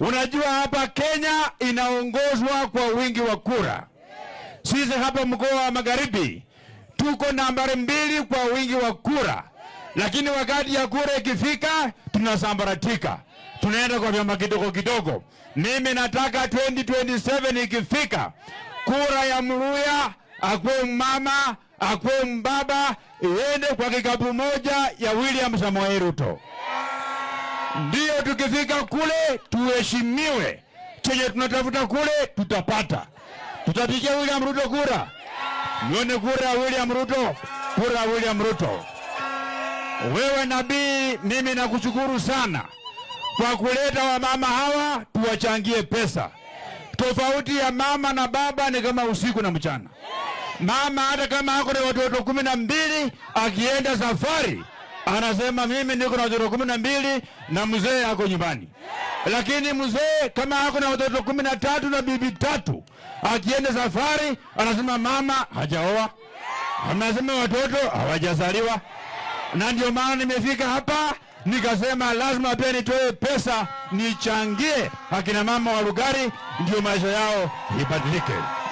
Unajua hapa Kenya inaongozwa kwa wingi wa kura. Sisi hapa mkoa wa Magharibi tuko nambari mbili kwa wingi wa kura, lakini wakati ya kura ikifika tunasambaratika, tunaenda kwa vyama kidogo kidogo. Mimi nataka 2027 ikifika, kura ya Mluya akuwe mama akuwe mbaba iende kwa kikapu moja ya William Samoei Ruto. Ndiyo, tukifika kule tuheshimiwe, chenye tunatafuta kule tutapata. Tutapigia William Ruto kura, nione kura William Ruto, kura William Ruto. Wewe nabii, mimi nakushukuru sana kwa kuleta wamama hawa tuwachangie pesa. Tofauti ya mama na baba ni kama usiku na mchana. Mama hata kama ako na watoto kumi na mbili akienda safari anasema mimi niko na watoto kumi na mbili na mzee ako nyumbani, lakini mzee kama ako na watoto kumi na tatu na bibi tatu, akienda safari anasema mama hajaoa, anasema watoto hawajazaliwa, na ndio maana nimefika hapa nikasema lazima pia nitoe pesa nichangie akina mama wa Lugari, ndio maisha yao ibadilike.